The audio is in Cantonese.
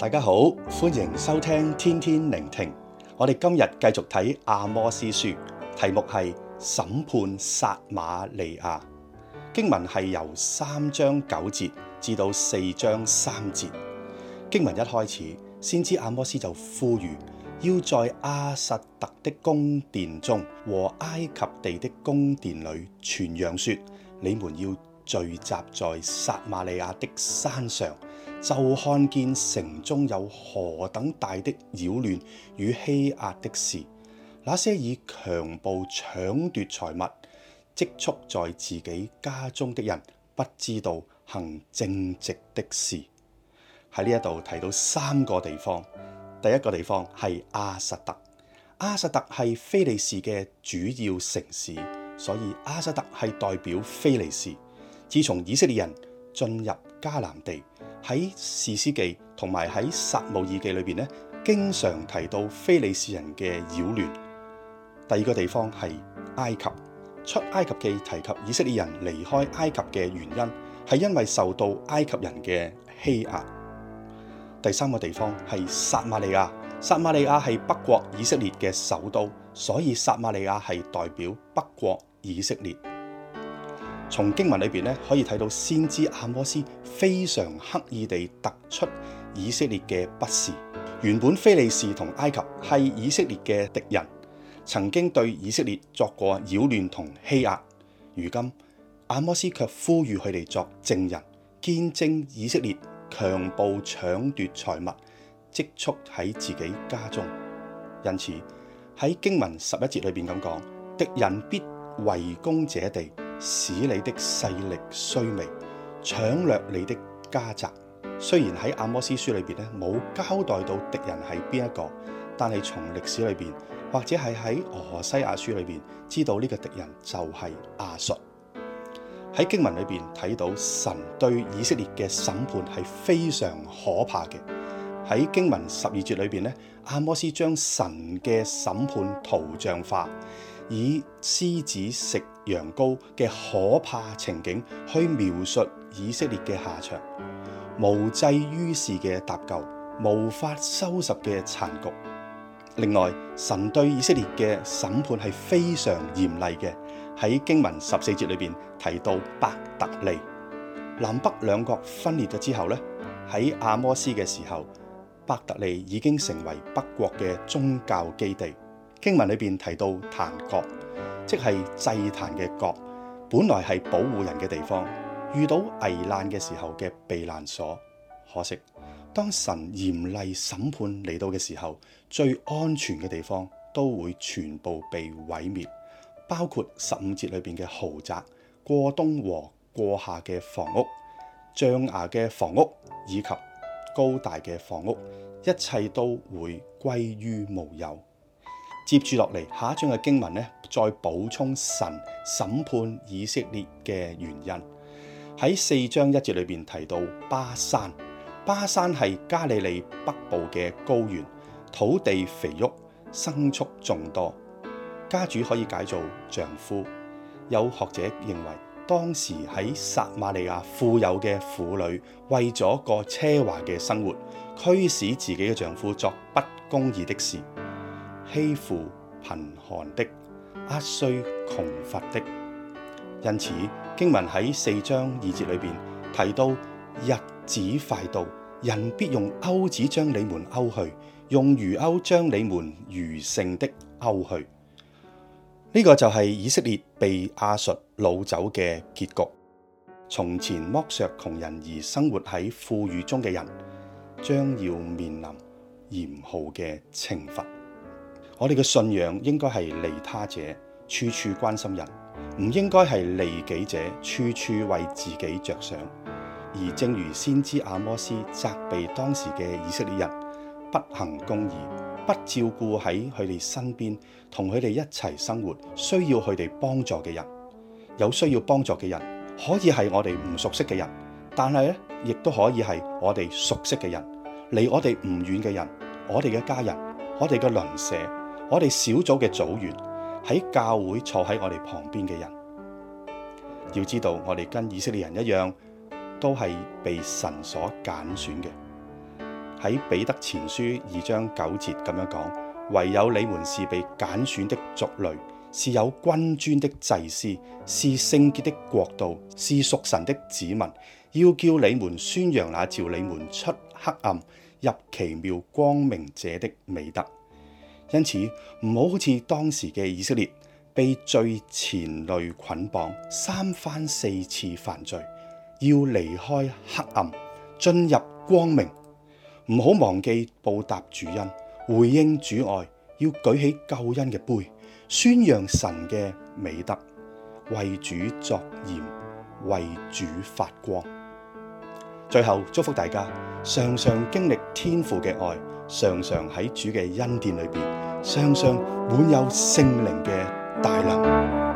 大家好，歡迎收聽天天靈聽。我哋今日繼續睇阿摩斯書，題目係審判撒瑪利亞。經文係由三章九節至到四章三節。經文一開始，先知阿摩司就呼籲，要在亞實突的宮殿中和埃及地的宮殿裏傳揚說：你們要聚集在撒瑪利亞的山上。就看見城中有何等大的擾亂與欺壓的事，那些以強暴搶奪財物積蓄在自己家中的人，不知道行正直的事。喺呢一度提到三個地方，第一個地方係亞實突，亞實突係非利士嘅主要城市，所以亞實突係代表非利士。自從以色列人進入迦南地，喺士師記同埋喺撒母耳記裏邊咧，經常提到非利士人嘅擾亂。第二個地方係埃及，出埃及記提及以色列人離開埃及嘅原因，係因為受到埃及人嘅欺壓。第三個地方係撒瑪利亞，撒瑪利亞係北國以色列嘅首都，所以撒瑪利亞係代表北國以色列。從經文裏邊咧，可以睇到先知阿摩司非常刻意地突出以色列嘅不是。原本非利士同埃及係以色列嘅敵人，曾經對以色列作過擾亂同欺壓。如今阿摩司却呼籲佢哋作證人，見證以色列強暴搶奪財物，積蓄喺自己家中。因此喺經文十一節裏邊咁講：敵人必圍攻這地。使你的勢力衰微，搶掠你的家宅。雖然喺阿摩司書裏邊咧，冇交代到敵人係邊一個，但係從歷史裏邊，或者係喺何西亞書裏邊，知道呢個敵人就係亞述。喺經文裏邊睇到神對以色列嘅審判係非常可怕嘅。喺經文十二節裏邊呢，阿摩司將神嘅審判圖像化。以獅子食羊羔嘅可怕情景，去描述以色列嘅下場，無濟於事嘅搭救，無法收拾嘅殘局。另外，神對以色列嘅審判係非常嚴厲嘅。喺經文十四節裏邊提到伯特利，南北兩國分裂咗之後呢，喺阿摩斯嘅時候，伯特利已經成為北國嘅宗教基地。經文裏邊提到壇角，即係祭壇嘅角，本來係保護人嘅地方，遇到危難嘅時候嘅避難所。可惜當神嚴厲審判嚟到嘅時候，最安全嘅地方都會全部被毀滅，包括十五節裏邊嘅豪宅、過冬和過夏嘅房屋、象牙嘅房屋以及高大嘅房屋，一切都會歸於無有。接住落嚟，下一章嘅經文呢，再補充神審判以色列嘅原因。喺四章一節裏邊提到巴珊，巴珊係加利利北部嘅高原，土地肥沃，牲畜眾多。家主可以解做丈夫。有學者認為，當時喺撒馬利亞富有嘅婦女，為咗過奢華嘅生活，驅使自己嘅丈夫作不公義的事。欺負貧寒的、壓碎窮乏的，因此經文喺四章二節裏邊提到，日子快到，人必用鈎子將你們鈎去，用魚鈎將你們餘剩的鈎去。呢、這個就係以色列被亞述擄走嘅結局。從前剝削窮，窮人而生活喺富裕中嘅人，將要面臨嚴酷嘅懲罰。我哋嘅信仰應該係利他者，處處關心人，唔應該係利己者，處處為自己着想。而正如先知阿摩司責備當時嘅以色列人，不行公義，不照顧喺佢哋身邊同佢哋一齊生活，需要佢哋幫助嘅人，有需要幫助嘅人可以係我哋唔熟悉嘅人，但係咧亦都可以係我哋熟悉嘅人，離我哋唔遠嘅人，我哋嘅家人，我哋嘅鄰舍。我哋小組嘅組員，喺教會坐喺我哋旁邊嘅人。要知道我哋跟以色列人一樣，都係被神所揀選嘅。喺彼得前書二章九節咁樣講：唯有你們是被揀選的族類，是有君尊的祭司，是聖潔的國度，是屬神的子民。要叫你們宣揚那召你們出黑暗、入奇妙光明者的美德。因此唔好好似當時嘅以色列被罪纏累捆綁三番四次犯罪，要離開黑暗進入光明。唔好忘記報答主恩，回應主愛，要舉起救恩嘅杯，宣揚神嘅美德，為主作鹽，為主發光。最後祝福大家，常常經歷天父嘅愛。常常喺主嘅恩典裏邊，常常滿有聖靈嘅大能。